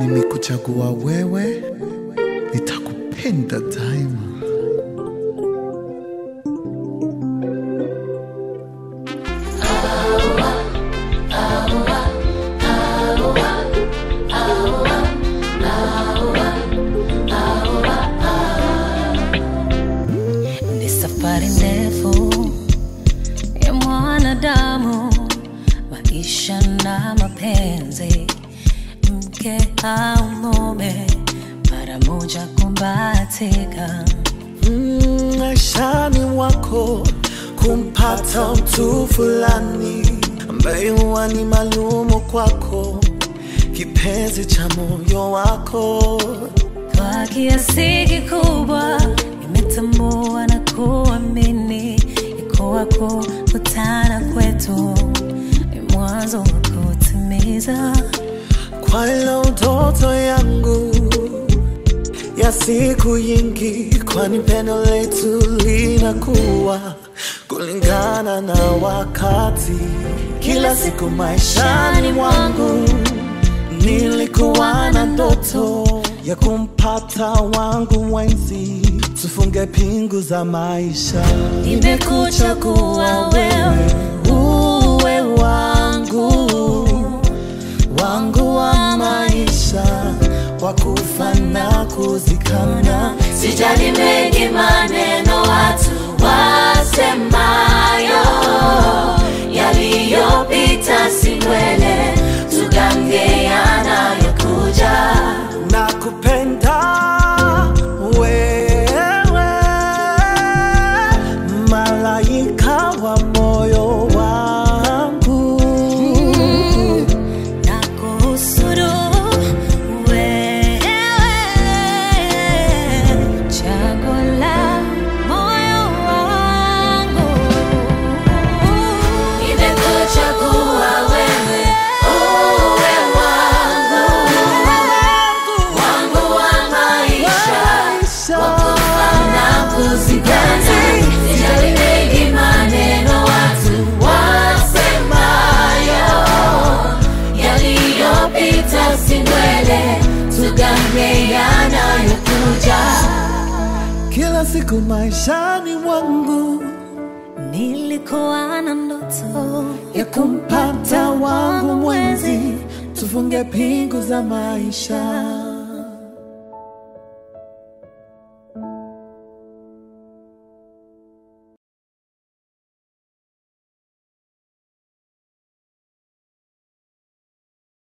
mimi kuchagua wewe, nitakupenda daima. safari ndefu ya mwanadamu, maisha na mapenzi mke au mume, mara moja kumbatika mm, maishani mm, mwako, kumpata mtu fulani ambaye huwa ni maalumu kwako, kipenzi cha moyo wako. Kwa kiasi kikubwa nimetambua na kuamini iko wako kutana kwetu ni mwanzo wa kutimiza pale utoto yangu ya siku yingi, kwani pendo letu linakuwa kulingana na wakati. Kila siku maishani mwangu nilikuwa na ndoto ya kumpata wangu mwenzi, tufunge pingu za maisha. Nimekuchagua wewe uwe wangu wangu, wangu kwa na kuzikana. Sijali mengi maneno watu wasema zako zikate, maneno watu wasemayo, yaliyopita si ndwele, tugange Kila siku maishani mwangu nilikuwa na ndoto ya kumpata wangu mwenzi, tufunge pingu za maisha